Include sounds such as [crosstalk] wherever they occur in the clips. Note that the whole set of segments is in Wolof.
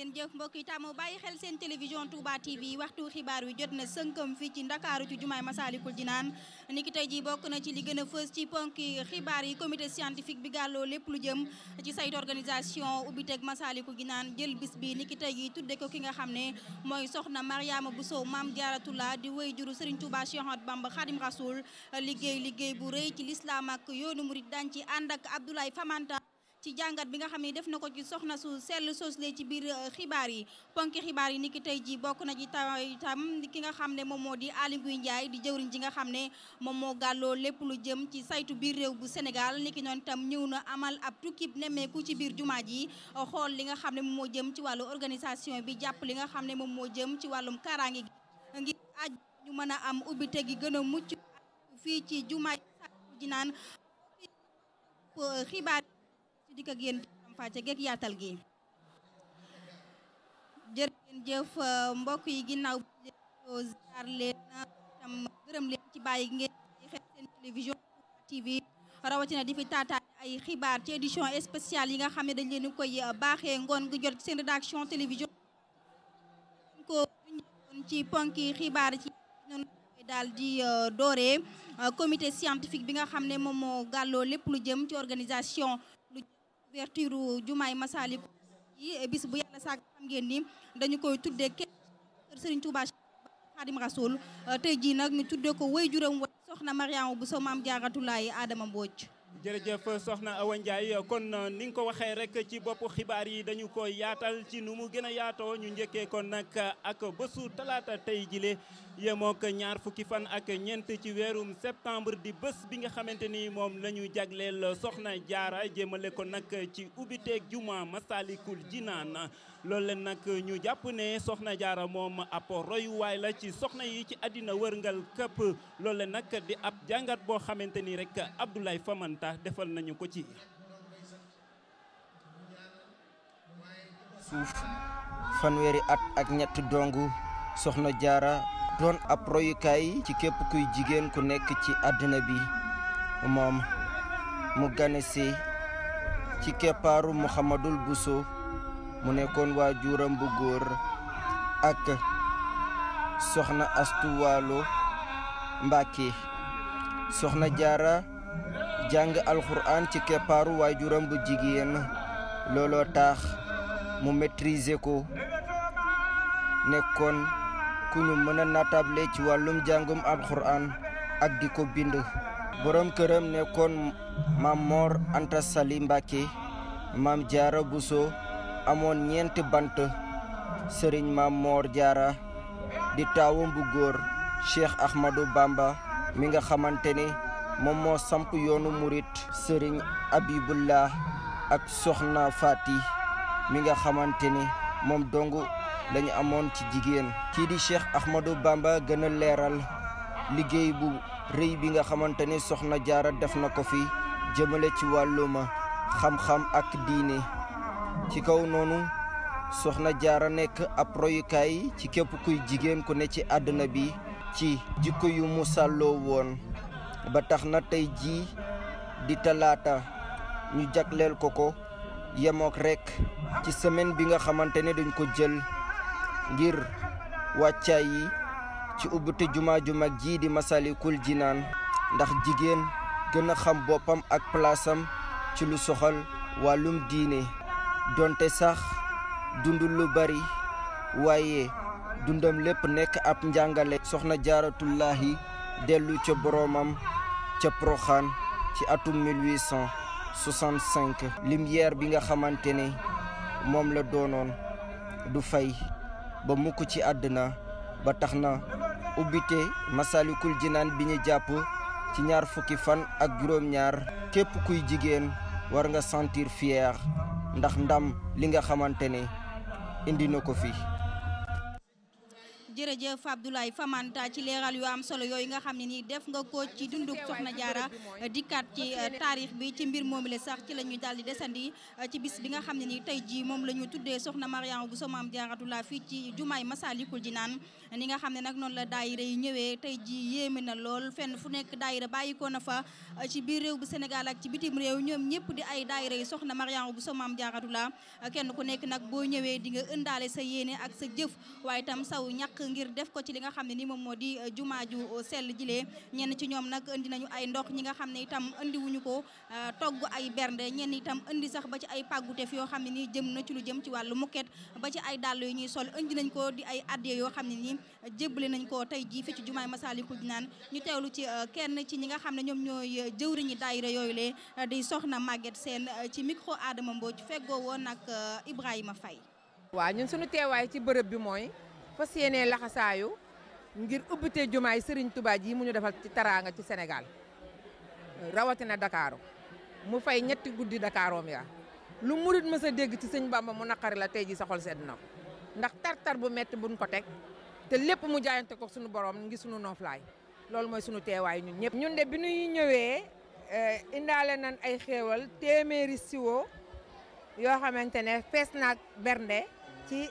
ngeen jëf mbokk yi tàmm bàyyi xel seen télévision Touba TV waxtu xibaar wi jot na sënkam fii ci ndakaaru ci jumaay Masaalikul Jinaan niki tey ji bokk na ci li gën a fës ci ponk xibaar yi comité scientifique bi gàlloo lépp lu jëm ci saytu organisation ubbi teg Masaalikul naan jël bis bi niki tey ji tudde ko ki nga xam ne mooy soxna Mariama Bousso Maam Jaaratula di wéy juru Serigne Touba Cheikh Ahmadou Bamba Khadim Rasoul liggéey liggéey bu rëy ci lislaam ak yoonu murit daan ci ànd ak Abdoulaye Famanta ci jàngat bi nga xam ne def na ko ci soxna su sell soosle ci biir euh, xibaar yi ponki xibaar yi ni ki tey ji bokk na ci tam ki nga xam ne moom moo di Aly Ngouille di jëwriñ ji nga xam ne moom moo gàlloo lépp lu jëm ci saytu biir réew bu Sénégal ni ki noonu tam ñëw na amal ab tukkib nemmeeku ci biir jumaa ji euh, xool li nga xam ne moom moo jëm ci wàllu organisation bi jàpp li nga xam ne moom moo jëm ci wàllum kaaraange ngir aj ñu mën a am ubbite gi gën a mucc fii ci jumaa ji ci dikk ak yéen ci faram yaatal gi jërë ngeen jëf mbokk yi ginnaaw bi leen ci bàyyi ngeen xel seen télévision TV rawatina di fi taataan ay xibaar ci édition spéciale yi nga xam ne dañ leen koy euh, baaxee ngoon gu jot seen rédaction télévision ko ci ponki xibaar ci noonu daal di euh, dooree euh, comité scientifique bi nga xam ne moom moo gàlloo lépp lu jëm ci organisation ouverture jumaay Masalik yi bis bu yàlla sàkk am ngeen ni dañu koy tuddee kenn Serigne Touba Xaadim Rasul tey jii nag ñu tuddee ko way juróom wa soxna Mariama Bousso Maam Jaaratulaay aadama Mbodj jërëjëf soxna Awa Ndiaye kon ni nga ko waxee rek ci bopp xibaar yi dañu ko yaatal ci nu mu gën a yaatoo ñu njëkkee kon nag ak bésu talaata tey jile yemook ñaar fukki fan ak ñeent ci weerum septembre di bés bi nga xamante ni moom la jagleel soxna jaara jéemale ko nag ci ubbiteeg juma Masalikul na loolu leen nag ñu jàpp ne soxna jaara moom ab royuwaay la ci soxna yi ci àddina wërngal këpp loolu leen nag di ab jàngat boo xamante ni rek Abdoulaye Famanta defal nañu ko ci suuf fanweeri at ak ñett dong soxna jaara doon ab royukaay ci képp kuy jigéen ku nekk ci àddina bi moom mu ganesi ci keppaaru Mouhamadul Bousso mu nekkoon waajuram bu góor ak soxna astuwaalo mbàkke soxna jaara jàng alxuraan ci keppaaru waajuram bu jigéen looloo tax mu maîtriser ko nekkoon ku ñu mën a natable ci wàllum jàngum alxuraan ak di ko bind borom këram nekkoon maam Mor Anta Sali Mbàkke maam jaara Buso amoon ñeenti bant sëriñ maam Moor Jaara di taawam bu góor Cheikh Ahmadou Bamba mi nga xamante ni moom moo samp yoonu murit sëriñ Abibullah ak soxna Faati mi nga xamante ni moom dong lañu amoon ci jigéen kii di Cheikh Ahmadou Bamba gën a leeral liggéey bu rëy bi nga xamante ni soxna Jaara def na ko fi jëmale ci wàlluma xam-xam ak diini ci kaw noonu soxna jaara nekk ab royukaay ci képp kuy jigéen ku ne ci àdduna bi ci jikko yu mu woon ba tax na tey jii di talaata ñu jagleel ko ko yemook rekk ci semaine bi nga xamante ne dañ ko jël ngir wàccaay yi ci ubbite jumaa ju mag jii di Masalikul Jinaan ndax jigéen gën a xam boppam ak palaasam ci lu soxal wàllum diine donte sax dundul lu bari waaye dundam lépp nekk ab njàngale soxna jaaratullaahi dellu ca boroomam ca Poroxaan ci atum 1865 lumière bi nga xamante ne moom la doonoon du fay ba mukk ci àddina ba tax na ubbite masalikul jinaan bi ñu jàpp ci ñaar fukki fan ak juróom-ñaar képp kuy jigéen war nga sentir fier ndax ndam li nga xamante ne indi na ko fi jërëjëf Abdoulaye Famanta ci leeral yu am solo yooyu nga xam ne nii def nga ko ci dunduk soxna jaara dikkaat ci euh, taarix ci mbir moom la sax ci la ñuy daal di desandi euh, ci bi nga xam ne nii tey jii moom la ñu tuddee soxna Mariama Bousso Maam Jaaratullah fii ci jumaay Masalikul Jinaan ni nga xam ne nag noonu la daayira yi ñëwee tey ji yéeme na lool fenn fu nekk daayira bàyyi na fa euh, ci biir réew bu senegal ak ci bitim réew ñoom ñëpp di ay daayira yi soxna Mariama Bousso Maam Jaaratullah kenn ku nekk nag boo ñëwee di nga ëndaale sa yéene ak sa jëf waaye tam saw ñàkk ngir def ko ci li nga xam ne ni moom moo di euh, jumaa ju euh, sell jilee ñenn ci ñoom nag indi nañu ay ndox ñi nga xam ne itam indi ko euh, togg ay bernde ñenn itam indi sax ba ci ay pàgguteef yoo xam ne nii jëm na ci lu jëm ci wàllu mukket ba ci ay dàll yu ñuy sol indi nañ ko di ay addiya yoo xam ne nii jébbale nañ ko tey jii fi ci jumaay Masaalikul Jinaan ñu teewlu ci kenn ci ñi nga xam ne ñoom ñooy jëwriñi daayira yooyu lee di soxna màgget seen ci micro Adama Mbodj fegoo woon nag Ibrahima Faye waaw ñun suñu teewaay ci bërëb bi mooy fas yéenee laxasaayu ngir ubbite jumaay Serigne Touba ji mu ñu defal ci taraanga ci Sénégal rawatina dakaaru mu fay ñetti guddi Dakaroom yaa lu murit mës a dégg ci sëñ Bamba mu naqari la tey ji sa xol sedd na ko ndax tartar bu metti buñ ko teg te lépp mu jaayante ko suñu borom ngir suñu noflaay loolu mooy suñu teewaay ñun ñëpp. ñun de bi ñuy ñëwee eh, indaale nan ay xeewal téeméeri siwo yoo xamante ne fees naag bernde ci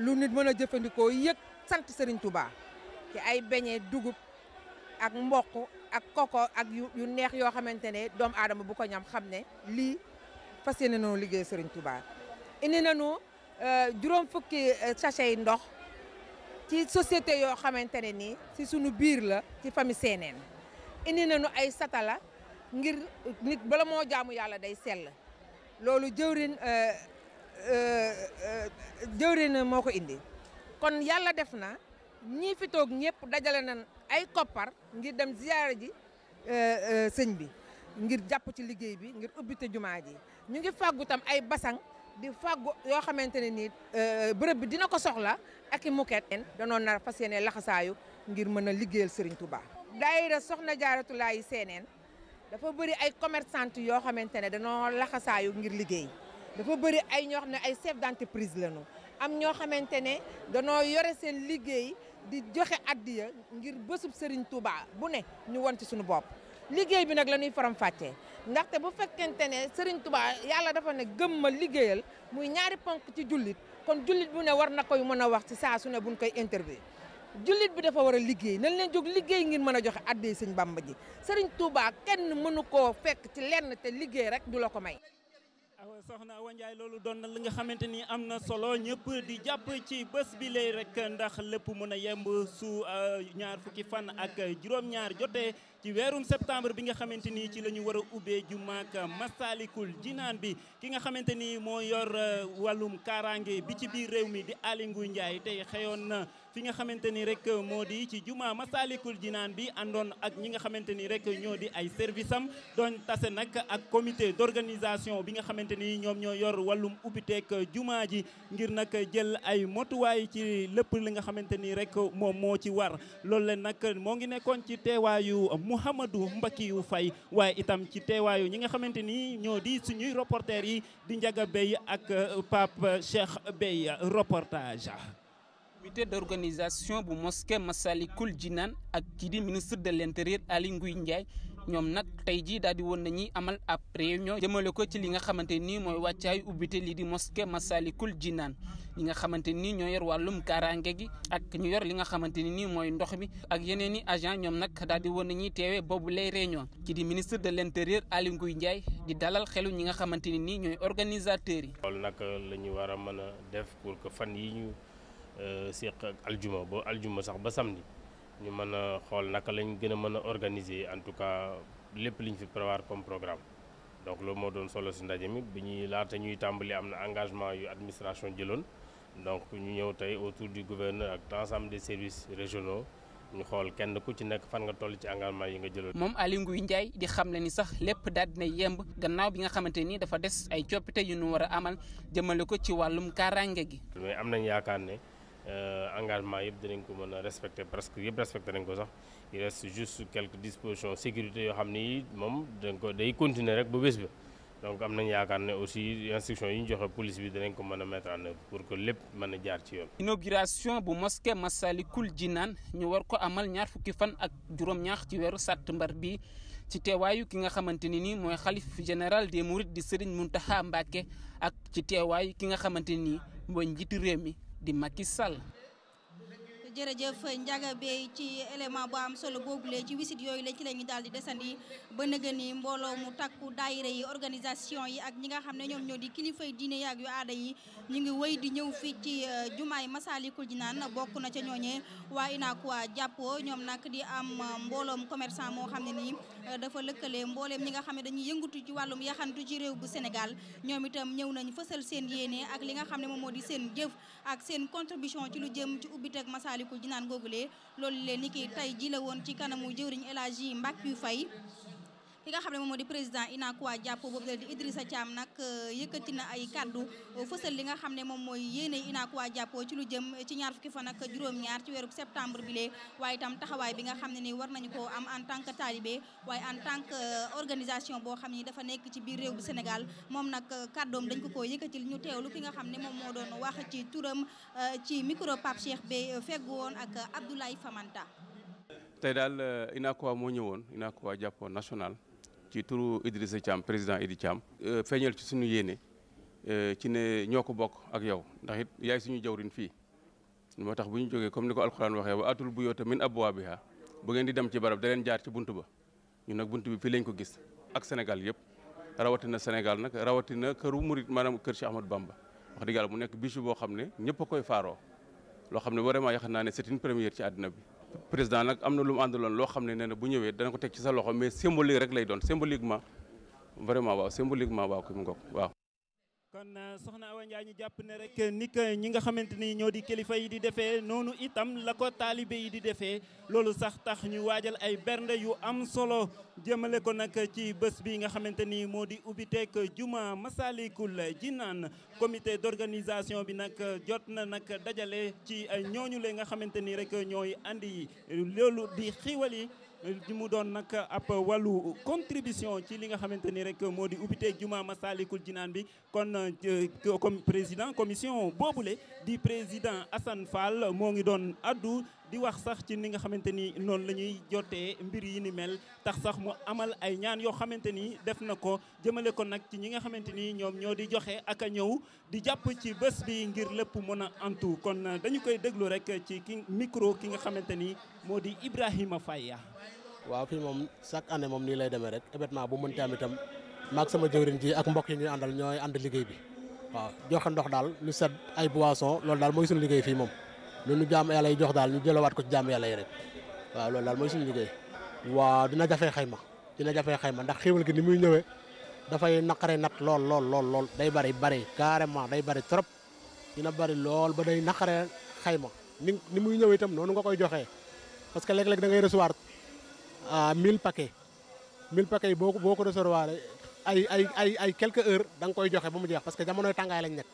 lu nit mën a jëfandikoo yëg sant Serigne Touba ci ay beñe dugub ak mboq ak koko ak yu neex yoo xamante ne doom aadama bu ko ñam xam ne lii fas yéene nañu liggéey sëriñ Touba. indi nañu euh, juróom fukki euh, sachet ndox ci société yoo xamante ne nii si sunu biir la ci famille seeneen indi nañu ay satala ngir nit bala moo jaamu yàlla day sell loolu jëwrin euh, Euh, euh, jëwri na moo ko indi kon yàlla def na ñii fi toog ñëpp dajale na ay koppar ngir dem ziyaara ji euh, sëñ bi ngir jàpp ci liggéey bi ngir ubbite jumaa ji ñu ngi fàggu tam ay basan di fàggu yoo xamante ne nii bërëb bi dina ko soxla ak i muket danoo nar fas yéene laxasaayu ngir mën a liggéeyal Serigne Touba. daayira soxna jaaratulaa yi seeneen dafa bëri ay commerçante yoo xamante ne danoo laxasaayu ngir liggéey dafa bëri ay ñoo xam ne ay chef d'entreprise lañu am ñoo xamante ne danoo yore seen liggéey di joxe addiya ngir bésub Serigne Touba bu ne ñu won ci suñu bopp liggéey bi nag la ñuy faram fàccee ndaxte bu fekkente ne Serigne Touba yàlla dafa ne gëm ma liggéeyal muy ñaari ponk ci jullit kon jullit bu ne war na koy mën a wax ci saa su ne buñ koy interview jullit bi dafa war a liggéey nañ leen jóg liggéey ngir mën a joxe addiya Sëñ Bamba ji Serigne Touba kenn mënu koo fekk ci lenn te liggéey rek du la ko may awa ah soxna Awa Ndiaye loolu doon na li nga xamante nii am na solo ñëpp di jàpp ci bés bi lay rek ndax lépp mën a yemb su euh, ñaar fukki fan ak juróom-ñaar jotee ci weerum septembre bi nga xamante ni ci la ñu war a ubbee jumaak Masalikul Jinaan bi ki nga xamante ni moo yor euh, wàllum kaaraange bi ci biir réew mi di Aly Ngouille Ndiaye tey xëyoon na fi nga xamante ni rek moo di ci jumaa juma Massalikul naan bi àndoon ak ñi nga xamante ni rek ñoo di ay service am doon tase nag ak comité d'organisation bi nga xamante ni ñoom ñoo yor wàllum ubbiteeg jumaa ji ngir nag jël ay motuwaay ci lépp li nga xamante ni rek moom moo ci war loolu leen nag moo ngi nekkoon ci teewaayu Mouhamadou Mbakiyu Faye waaye itam ci teewaayu ñi nga xamante ni ñoo di suñuy reporter yi di Njaga Bey ak Pape Cheikh Bey reportage comité d'organisation bu mosquée Massalikul naan ak kii di ministre de l'intérieur Aly Ngouille Ndiaye ñoom nag tey jii daal di woon nañuy amal ab réunion demale ko ci li nga xamante nii mooy wàccaay ubbite lii di mosquée Massalikul naan ñi nga xamante nii ñoo yor wàllum kaaraange gi ak ñu yor li nga xamante ni nii mooy ndox mi ak yeneen i agent ñoom nag daal di woon nañuy teewe boobu lay réunion kii di ministre de l'intérieur Aly Ngouille Ndiaye di dalal xelu ñi nga xamante ni nii ñooy organisateurs yi loolu nag la ñu war a mën a def fan yi ñu Euh, seq ak aljuma ba aljuma sax ba samedi ñu mën a xool naka lañ gën a mën a organiser en tout cas lépp liñ fi prévoir comme programme donc loolu moo doon solo si ndaje mi bi ñuy laata ñuy tàmbali am na engagement yu administration jëloon donc ñu ñëw tey autour du gouverneur ak l'ensemble des service régionaux ñu xool kenn ku ci nekk fan nga toll ci engagement yi nga jëloon. moom Aliou Nguy Ndiaye xam ne ni sax lépp daal dina yemb gannaaw bi nga xamante ni dafa des ay coppite yu ñu war a amal jëmale ko ci wàllum kaaraange gi. mais am nañ yaakaar ne. Euh, engagement yëpp dinañ ko mën a respecté presque yëpp respecté nañ ko sax il reste juste quelques dispositions sécurité yoo xam ni moom dañ ko day continuer rek ba bés bi donc am nañ yaakaar ne aussi instruction yi ñu joxe police bi dinañ ko mën a mettre en œuvre pour que lépp mën a jaar ci yoon. inauguration bu mosquée Massalikul naan ñu war ko amal ñaar fukki fan ak juróom ñaax ci weeru mbar bi ci teewaayu ki nga xamante ni nii mooy xalif général des mourides di Serigne Mountakha Mbacké ak ci teewaayu ki nga xamante nii mooy njiitu réew mi. di Macky Sall. jërëjëf Ndiaga Bèye ci élément bu am solo boobu boobule ci wisit yooyu lañ ci la ñu daal di desandi ba nëgë ni mbooloo mu takku daayira yi organisation yi ak ñi nga xam ne ñoom ñoo di kilifay diine yi ak yu aada yi ñu ngi wëy di ñëw fii ci eh, jumaay Masaalikul naan bokk na ca ñooñee waa INACOI jàppoo ñoom nag di am eh, mbooloomu commerçant moo xam ne nii. Euh, dafa lëkkalee mbooleem ñi nga xam ne dañuy yëngatu ci wàllu yaxantu ci réew bu Sénégal ñoom itam ñëw nañ fësal seen yéene ak li nga xam ne moom moo di seen jëf ak seen contribution ci lu jëm ci ubbite ak Masaalikul Jinaan googulee loolu leen ni ki tey ji la woon ci kanamu jëwriñ El Hadji Mbacké Faye ki nga xam ne moom moo di président UNACOIS jàpp boobu la di Idrissa Thiam nag euh, yëkkati na ay kaddu euh, fësal li nga xam ne moom mooy yéene UNACOIS jàpp ci lu jëm ci ñaar fukki fan ak juróom-ñaar ci weeru septembre bi lee waaye itam bi nga xam ne ni war nañu ko am en tant que talibé waaye en tant que euh, organisation boo xam ni dafa nekk ci biir réew bu Sénégal moom nag kaddoom dañ ko koo yëkkatil ñu teewlu ki nga xam ne moom moo doon wax ci turam ci micro Pape Cheikh bi feggu woon ak Abdoulaye Famanta tey daal UNACOIS moo ñëwoon UNACOIS jàppoo national ci turu Idrissa Thiam président Idi Thiam euh, feeñal ci suñu yéene euh, ci ne ñoo ko bokk ak yow ndax it yaay suñu jawrin fii moo tax bu ñu jógee comme ni ko alxuraan waxee ba atul buyoota min abwaabiha bu ngeen di dem ci barab da leen jaar ci bunt ba ñu nag bunt bi fii lañ ko gis ak Sénégal yëpp rawatina Sénégal nag rawatina këru murit maanaam kër Cheikh Ahmadou Bamba wax dëgg yàlla mu nekk bijou boo xam ne ñëpp koy faaroo loo xam ne vraiment yaakaar naa ne c'est une première ci àddina bi président nag am na lu mu àndaloon loo xam ne nee na bu ñëwee dana ko teg ci sa loxo mais symbolique rek lay doon symboliquement vraiment waaw symboliquement waaw ki mu ngoog waaw. kon euh, soxna Awa Ndiaye ñu jàpp ne rek ni ñi nga xamante ni ñoo di kilifa yi di defee noonu itam la ko taalibe yi di defee loolu sax tax ñu waajal ay bernde yu am solo jëmale ko nag ci bés bi nga xamante ni moo di ubbiteek juma Masalikul Jinaan comité d'organisation bi nag jot na nag dajale ci ñooñu le nga xamante ni rek ñooy andi loolu di xiwal ji mu doon nag ab wàllu contribution ci li nga xamante ni rek moo di ubbite juma Masalikul Jinaan bi kon euh, comme président commission boobule di président Assane Fall moo ngi doon addu di wax sax ci ni nga xamante ni noonu la ñuy jotee mbir yi ni mel tax sax mu amal ay ñaan yoo xamante ni def na ko jëmale ko nag ci ñi nga xamante ni ñoom ñoo di joxe ak a ñëw di jàpp ci bés bi ngir lépp mën a antu kon euh, dañu koy déglu rek ci ki micro ki nga xamante ni moo di Ibrahima Faye. waaw fii moom chaque année moom nii lay demee rek événement bu mënti am itam maag sama jëwriñ ji ak mbokk yi ñuy àndal ñooy ànd liggéey bi waaw joxe ndox daal lu set ay boisson loolu daal mooy suñu liggéey fii moom. loolu jaam yàlla yi jox daal ñu jëlawaat ko ci jaam yàlla yi rek waaw lool daal mooy suñu liggéey waaw dina jafee xayma dina jafee xayma ndax xéwal gi ni muy ñëwee dafay naqare nat lool lool lool lool day bari bari carrément day bari trop dina bari lool ba day naqare xayma ni ni muy ñëwee itam noonu nga koy joxee parce que léeg-léeg da ngay recevoir ah 1000 paquets 1000 paquets yi boo ko boo ko recevoir ay ay ay ay quelques heures da nga koy joxe ba mu jeex parce que jamonoy tàngaay lañ nekk.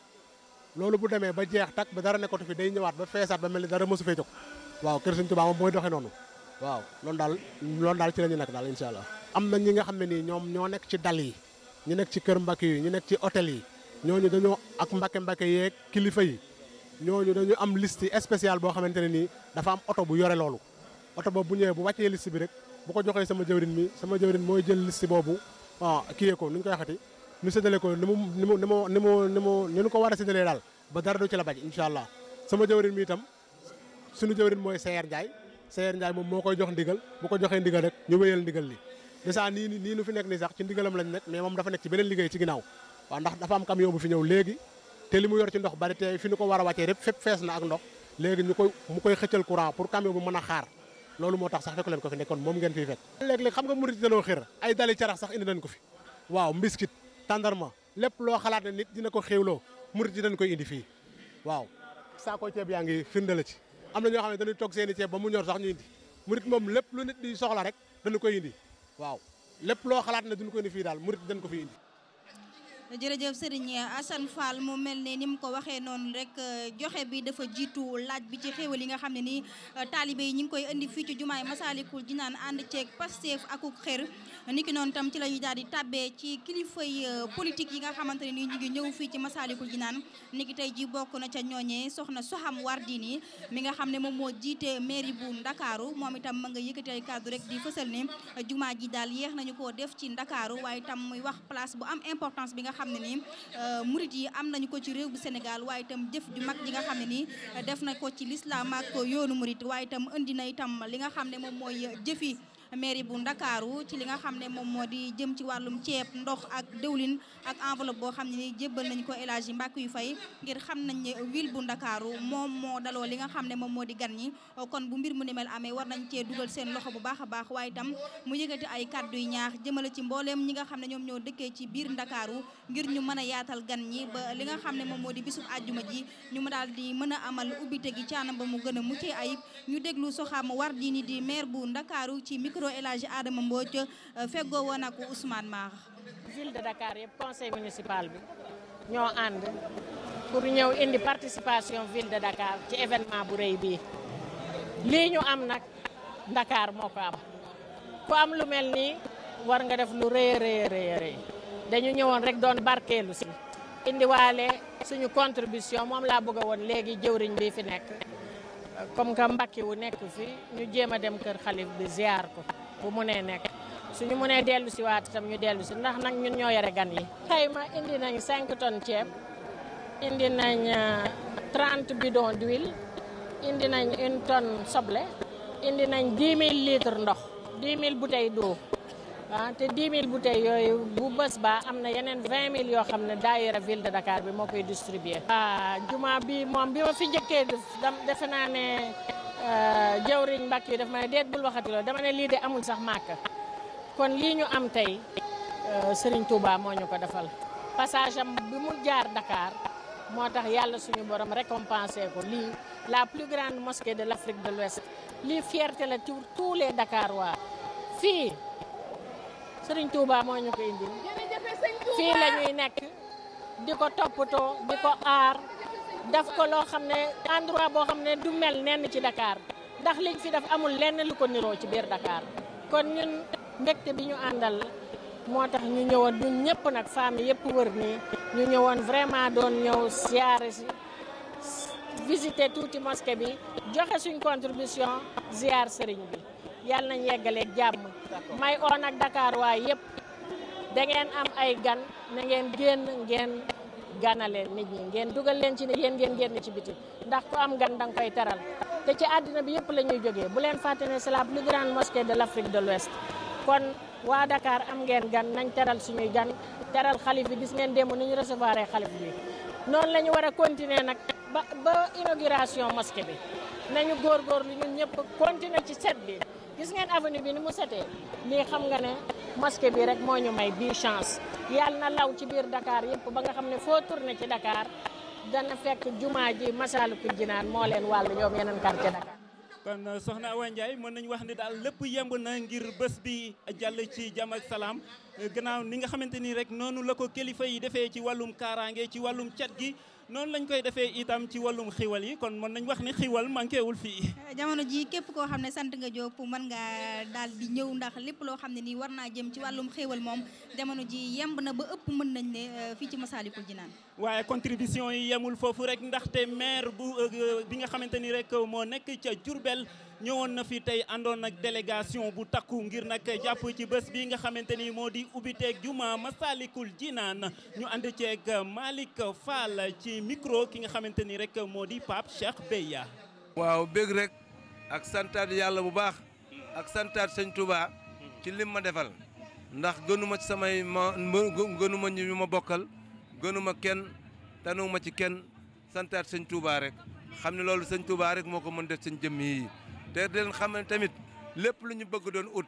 loolu bu demee ba jeex tak ba dara nekkatu fi day ñëwaat ba feesaat ba mel ni dara mosu fee jóg waaw kër Sëñ Tuubaa moom mooy doxee noonu waaw loolu daal loolu daal ci la ñu nekk daal incha allah. am na ñi nga xam ne nii ñoom ñoo nekk ci dal yi ñu nekk ci kër mbakk yi ñu nekk ci hôtel yi ñooñu dañoo ak mbake mbake yee kilifa yi ñooñu dañu am liste spéciale boo xamante ne nii dafa am oto bu yore loolu oto boobu bu ñëwee bu wàccee liste bi rek bu ko joxee sama jëwrin mi sama jëwrin mooy jël liste boobu ah kiyee ko nu ñu koy waxati ñu séddale ko ni mu ni mu ni mu ni mu ni mu ni ñu ko war a séddalee daal ba dara du ci la baj incha allah sama jawrin mi itam suñu jawrin mooy Seyer Ndiaye Seyer Ndiaye moom moo koy jox ndigal bu ko joxee ndigal rek ñu wéyal ndigal li dèjà nii nii nu fi nekk nii sax ci ndigalam lañ nekk mais moom dafa nekk ci beneen liggéey ci ginnaaw waaw ndax dafa am camion bu fi ñëw léegi te li mu yor ci ndox bari te fi ñu ko war a wàccee rek fépp fees na ak ndox léegi ñu koy mu koy xëccal courant pour camion bu mën a xaar loolu moo tax sax fekk leen ko fi nekkoon moom ngeen fiy fekk léeg-léeg xam nga murit danoo xër ay dali carax sax indi nañ ko fi waaw mbiskit tàndarma lépp loo xalaat ne nit dina ko xéewloo murit yi dañ koy indi fii waaw saakoo ceeb yaa ngi firndale ci am na ñoo xam ne dañuy toog seeni ceeb ba mu ñor sax ñu indi murit moom lépp lu nit di soxla rek dañu koy indi waaw lépp loo xalaat ne duñ ko indi fii daal murit dañ ko fi indi jërëjëf sëriñ Assane Fall mu mel ne ni mu ko waxee noonu rek joxe bi dafa jiitu laaj bi ci xéewal yi nga xam ne nii taalibe yi ñu ngi koy indi fii ci jumaay Masaalikul Jinaan ànd ceeg Pastef akuk xër niki noonu tam ci la ñuy daal di tàbbee ci kilifay politique yi nga xamante ne nii ñu ngi ñëw fii ci Masaalikul Jinaan niki tey ji bokk na ca ñooñee soxna Soham Wardini mi nga xam ne moom moo jiite mairie Ndakaaru moom itam ma nga yëkkati ay kàddu rek di jumaa ji daal yeex nañu koo def ci Ndakaaru waaye tam muy wax place bu am importance bi nga xam ne nii euh, murit yi am nañu ko ci réew bu Sénégal waaye itam jëf ju mag ji nga xam ne nii def na ko ci lislaam ak yoonu murit waaye itam indi na itam li nga xam ne moom mooy jëfi mairie bu ndakaaru ci li nga xam ne moom moo di jëm ci wàllum ceeb ndox ak dëwlin ak enveloppe boo xam ne ni jébbal nañ ko élage yi yu fay ngir xam nañ ne ville bu ndakaaru moom moo daloo li nga xam ne moom moo di gan ñi kon bu mbir mu ni mel amee war nañ cee dugal seen loxo bu baax a baax waaye itam mu yëkkati ay kàddu yu ñaax jëmale ci mbooleem ñi nga xam ne ñoom ñoo dëkkee ci biir ndakaaru ngir ñu mën a yaatal gan ñi ba li nga xam ne moom moo di bisub àjjuma ji ñu ma daal di mën a amal ubbite gi caanam ba mu gën a muccee ayib ñu déglu soxaam micro El Hadji Adama Mbodj euh, feggoo woon ak Ousmane Mar. ville de Dakar yëpp conseil municipal bi ñoo ànd pour ñëw indi participation ville de Dakar ci événement bu rëy bii lii ñu am nag Dakar moo ko am lu mel nii war nga def lu rëy rëy dañu ñëwoon rek doon barkeelu si indiwaale suñu contribution moom laa bëgg woon léegi jëwriñ bi fi nekk comme que Mbacke wu nekk fi ñu jéem a dem kër xalif bi ziar ko bu mu nee nekk suñu mënee dellu si waat itam ñu dellu si ndax nag ñun ñoo yore gan yi. xayma indi nañ 5 tonnes ceeb indi nañ 30 euh, bidons d'huile indi nañ une tonne soble indi nañ 10 000 litres ndox 10 000 bouteilles d'eau ah te 10 000 bouteilles yooyu bu bës ba am na yeneen 20 000 yoo xam ne daayira ville de Dakar bi moo koy distribuer. ah juma bi moom bi ma fi njëkkee dam defe naa ne ah, jawriñ mbàkk yi daf ma ne déet bul waxati dama ne lii de amul sax màkk kon lii ñu am tey ah, Serigne Touba moo ñu ko defal passage am bi mu jaar Dakar moo tax yàlla suñu borom récompensé ko lii la plus grande mosquée de l'Afrique de l'Ouest lii fierté la pour tous les Dakarois fii. Serigne Touba moo ñu ko indi fii la nekk di ko toppatoo di ko aar daf ko loo xam ne endroit boo xam ne du mel nenn ci Dakar ndax liñ fii daf amul lenn lu ko niroo ci biir dakaar kon ñun mbégte bi ñu àndal moo tax ñu ñëwoon ñun ñëpp nag famille yëpp wër nii ñu ñëwoon vraiment doon ñëw siyaare si visiter tuuti mosquée bi joxe suñ contribution ziar sëriñ bi yàlla nañ yeggaleeg jàmm may oo nag dakaar waay yëpp da ngeen am ay gan na ngeen génn ngeen ganale nit ñi ngeen dugal leen ci ne yéen ngeen génn ci biti ndax ku am gan dang koy teral te ci àddina bi yëpp la ñuy jógee bu leen fàtte ne c'est la plus grande mosquée de l'Afrique de l'Ouest kon waa Dakar am ngeen gan nañ teral suñuy gan teral xalif bi gis ngeen démb nañu ñu recevoir xalif bi noonu lañu ñu war a continuer nag ba ba inauguration mosquée bi nañu góorgóorlu ñun ñëpp continuer ci set bi gis ngeen avenue bi ni mu setee lii xam nga ne mosquée bi rek moo ñu may bii chance yàlla na law ci biir Dakar yëpp ba nga xam ne foo tourné ci Dakar dana fekk jumaa ji Masaalikul naan moo leen wàllu ñoom yeneen quartier Dakar. kon uh, soxna Awa Ndiaye mën nañu wax ni daal lépp yemb na ngir bés bi jàll ci jàmm salaam uh, gannaaw ni nga xamante ni rek noonu la ko kilifa yi defee ci wàllum kaaraange ci wàllum cat gi. noonu lañ koy defee itam ci wàllum xiwal yi kon mën nañ wax ne xiwal manqué wul fii [laughs] jamono ji képp koo xam ne sant nga Diop mën nga daal di ñëw ndax lépp loo xam ne nii war naa jëm ci wàllum xiwal moom jamono ji yemb na ba ëpp mën nañ ne euh, fii ci Masaalikul naan waaye contribution yi yemul foofu rek ndaxte maire bu euh, bi nga xamante ni rek moo nekk ca Jurbel ñëwoon na fi tey àndoon nag délégation bu takku ngir nag jàpp ci bés bi nga xamante ni moo di ubbiteeg juma Masalikul Jinaan ñu ànd ceeg Malick Fall ci micro ki nga xamante ni rek moo di Pape Cheikh Beya. waaw bëgg rek ak santaat yàlla bu baax ak santaat sëñ Touba ci lim ma defal ndax gënuma ci samay ma gënuma ñu ma bokkal gënuma kenn tanuma ci kenn santaat sëñ Touba rek xam ne loolu sëñ Touba rek moo ko mën def seen jëm yi te di leen xam ne tamit lépp lu ñu bëgg doon ut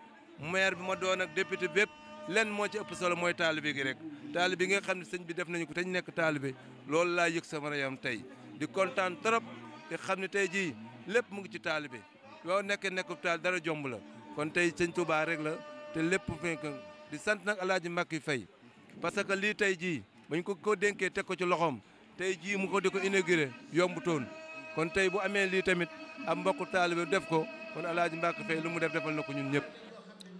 maire bi ma doon ak député bépp lenn moo ci ëpp solo mooy taalibe gi rek taalibe nga xam ne sëñ bi def nañu ko te ñu nekk taalibe loolu laa yëg sama rayam tey di kontaan trop te xam ne tey jii lépp mu ngi ci taalibe yoo nekkee nekkub taal dara jomb la kon tey sëñ Touba rek la te lépp fekk di sant nag Alaaji Màkki Fay parce que lii tey jii bañ ko ko dénkee teg ko ci loxoom tey jii mu ko di ko inauguré kon tey bu amee lii tamit am mbokku taalibe def ko kon alaaji Mbacke Faye lu mu def defal na ko ñun ñëpp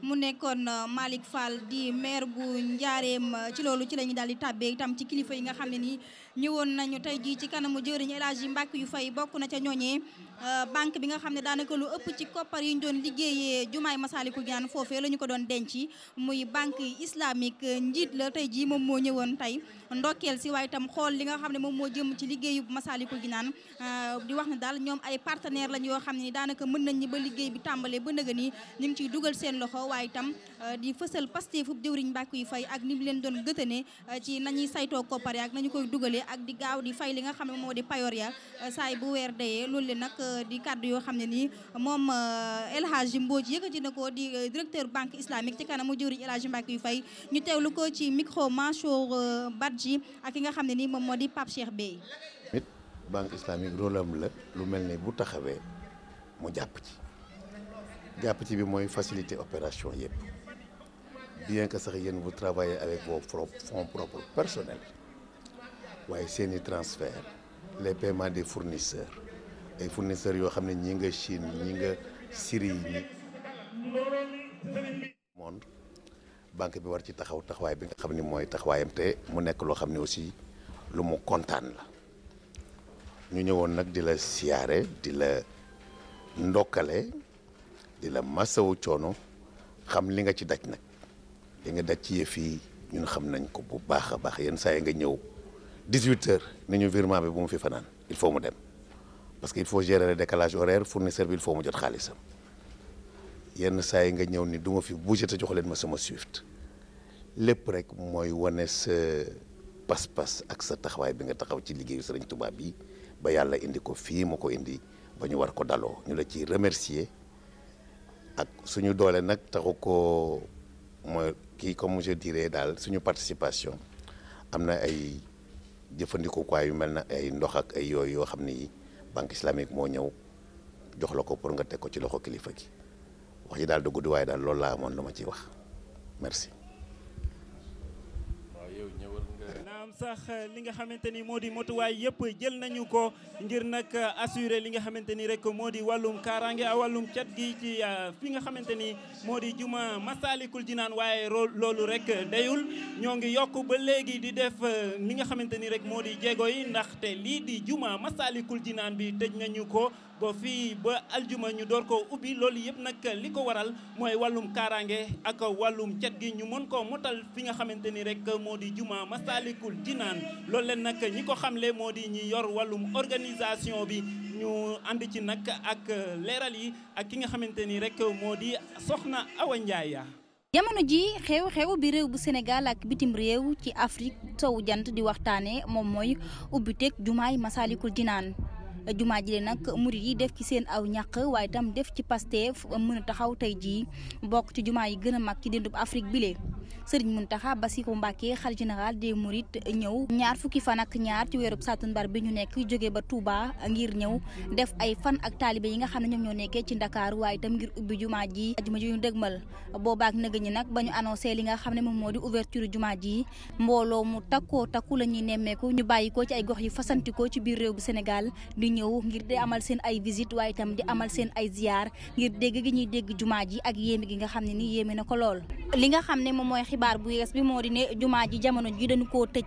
mu nekkoon euh, Malick Fall di maire bu Njaareem euh, ci loolu ci la ñu daal di tàbbee itam ci kilifa yi nga xam ne nii ñëwoon nañu tey jii ci kanamu jëriñ El mbakk yu fay bokk na ca ñooñee euh, banque bi nga xam ne daanaka lu ëpp ci koppar yi ñu doon liggéeyee jumaay Masaalikul Jinaan foofee la ñu ko doon denc muy banque islamique njiit la tey jii moom moo ñëwoon tey ndokkeel si waaye itam xool li nga xam ne moom moo jëm ci liggéeyu Masaalikul Jinaan euh, di wax ne daal ñoom ay partenaire lañ yoo xam ne daanaka mën nañ ñi ba liggéey bi tàmbalee ba nëga nii ñu ngi ciy dugal seen loxo waaye itam euh, di fësal pasté fub jëwriñ mbàkk yu fay ak ni mu leen doon gëtane euh, ci nañuy saytoo koppar ak nañu koy dugalee ak di gaaw di fay li nga xam ne moo di payoor ya saay bu weer dayee loolu le nag di yoo xam ne nii moom El Hadji Mbodj yëkkati na ko di directeur banque islamique ci kanamu jëwriñ El Hadji mbàkk yu fay ñu teewlu ko ci micro mansour badj ci ak ki nga xam ne nii moom moo di Pape Cheikh Bey. banque islamique rôle la lu mel ni bu taxawee mu jàpp ci jàpp ci bi mooy faciliter opération yëpp bien que sax yéen bu travaillez avec vos fonds propres personnels waaye seen i transfert les paiements des fournisseurs ay fournisseurs yoo xam ne ñi nga Chine ñi nga Syrie ñi monde banque bi war ci taxaw taxawaay bi nga xam ni mooy taxawaayam te mu nekk loo xam ne aussi lu mu kontaan la ñu ñëwoon nag di la siyaare di la ndokkale di la masawu coono xam li nga ci daj nag li nga daj ci yëf yi ñun xam nañ ko bu baax a baax yenn saa yi nga ñëw 18 heures ni ñu virement bi bu mu fi fanaan il faut mu dem parce que il faut gérer le décalage horaire fournisseur bi il faut mu jot xaalisam. yenn saa yi nga ñëw ni duma fi bouger te jox leen ma sama Swift lépp rek mooy wane sa pas-pas ak sa taxawaay bi nga taxaw ci liggéeyu Sëriñ Tuubaa yi ba yàlla indi ko fii ma ko indi ba ñu war ko daloo ñu la ciy remercier ak suñu doole nag taxu ko mooy kii comme je dirais daal suñu participation am na ay jëfandikukaay yu mel na ay ndox ak ay yooyu yoo xam ni banque islamique moo ñëw jox la ko pour nga teg ko ci loxo kilifa gi. wax ji daal du gudd waaye daal loolu laa amoon lu ma ciy wax merci. naam sax li nga xamante ni moo di motuwaay yëpp jël nañu ko ngir nag assurer li nga xamante ni rek moo di wàllum kaaraange a wàllum cet gi ci euh, fi nga xamante ni moo di juma Masaalikul Jinaan waaye loolu rek dayul ñoo ngi yokk ba léegi di def euh, li nga xamante ni rek moo di jéego yi ndaxte lii di juma Masaalikul Jinaan bi tëj nañu ko ba fii ba aljuma ñu door ko ubbi loolu yëpp nag li ko waral mooy wàllum kaaraange ak wàllum cet gi ñu mën koo motal fi nga xamante ni rek moo di juma Masalikul Jinaan loolu leen nag ñi ko xamle moo di ñi yor wàllum organisation bi ñu ànd ci nag ak leeral yi ak ki nga xamante ni rek moo di soxna Awa Ndiaye jamono ji xew-xew bi réew bu Sénégal ak bitim réew ci Afrique sowu jant di waxtaane moom mooy ubbiteg jumaay Masalikul Jinaan jumaa ji nag murit yi def ci seen aw ñàq waaye tam def ci Pastef mën taxaw tey jii bokk ci jumaa yi gën a mag ci dendub Afrique bile Serigne Mountakha Bassirou Mbacké xalifa général des Mourides ñëw ñaar fukki fan ak ñaar ci weerub sàttumbar bi ñu nekk jóge ba Touba ngir ñëw def ay fan ak taalibe yi nga xam ne ñoom ñoo nekkee ci Ndakaaru waaye tam ngir ubbi jumaa ji ajuma ji ñu dëgmal boobaak nëg ñi nag ba ñu annoncé li nga xam ne moom moo di ouverture jumaa ji mbooloo mu takkoo takku la ñuy nemmeeku ñu bàyyi ko ci gox yu fasantikoo ci biir réew bu ñëw ngir di amal seen ay visite waaye itam di amal seen ay ziar ngir dégg gi ñuy dégg jumaa ji ak yéeme gi nga xam ne ni yéeme na ko lool li nga xam ne moom mooy xibaar bu yees bi moo di ne jumaa ji jamono ji dañu koo tëj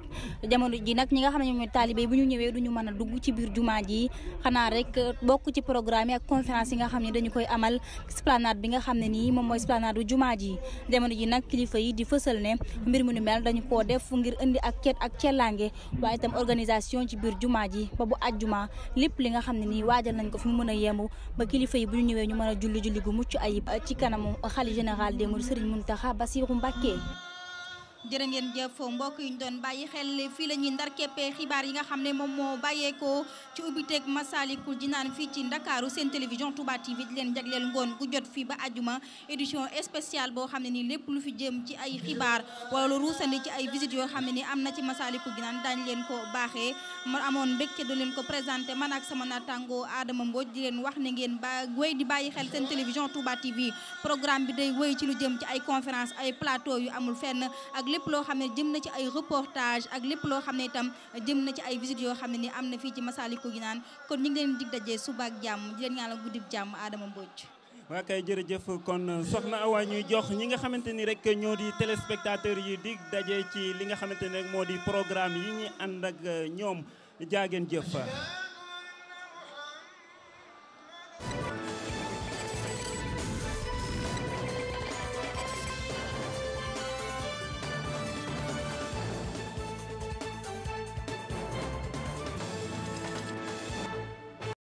jamono ji nag ñi nga xam ne ñoom taalibé bu ñu ñëwee duñu mën a dugg ci biir jumaa ji xanaa rek bokk ci programme ak conférence yi nga xam ne dañu koy amal esplanade bi nga xam ne nii moom mooy esplanade bu jumaa ji jamono ji nag kilifa yi di fësal ne mbir mu ni mel dañu koo def ngir indi ak cet ak cellange waaye itam organisation ci biir jumaa ji ba bu ajjuma lépp lépp li nga xam ne nii waajal nañ ko fi mu mën a yemb ba kilifa yi bu ñu ñëwee ñu mën a julli julli gu mucc ayib ci kanamu xali général des mourides Serigne Mountakha Bassirou Mbacké jërë ngeen jëf mbokk yi ñu doon bàyyi xel fii la ñuy ndar keppee xibaar yi nga xam ne moom moo bàyyeekoo ci ubbiteeg Massalikul Jinaan fii ci ndakaaru seen télévision Touba bi di leen jagleel ngoon gu jot fii ba ajuma édition spéciale boo xam ne ni lépp lu fi jëm ci ay xibaar wala lu ruusandi ci ay visite yoo xam ne ni am na ci Massalikul Jinaan daañ leen ko baaxee ma amoon mbégte du leen ko présenté man ak sama nattangoo aadama Mbodj di leen wax na ngeen ba wéy di bàyyi xel seen télévision Touba TV programme bi day woy ci lu jëm ci ay conférence ay plateau yu amul fenn ak lépp loo xam ne jëm na ci ay reportage ak lépp loo xam ne itam jëm na ci ay visites yoo xam ne ni am na fii ci yi Jinaan kon ñu ngi leen dig dajee suba ak jàmm di leen ñaanal guddib jàmm Adama Mbodj waa kay jërëjëf kon soxna Awa ñuy jox ñi nga xamante ni rek ñoo di téléspectateur yi dig daje ci li nga xamante ni rek moo di programme yi ñuy ànd ak ñoom jaageen jëf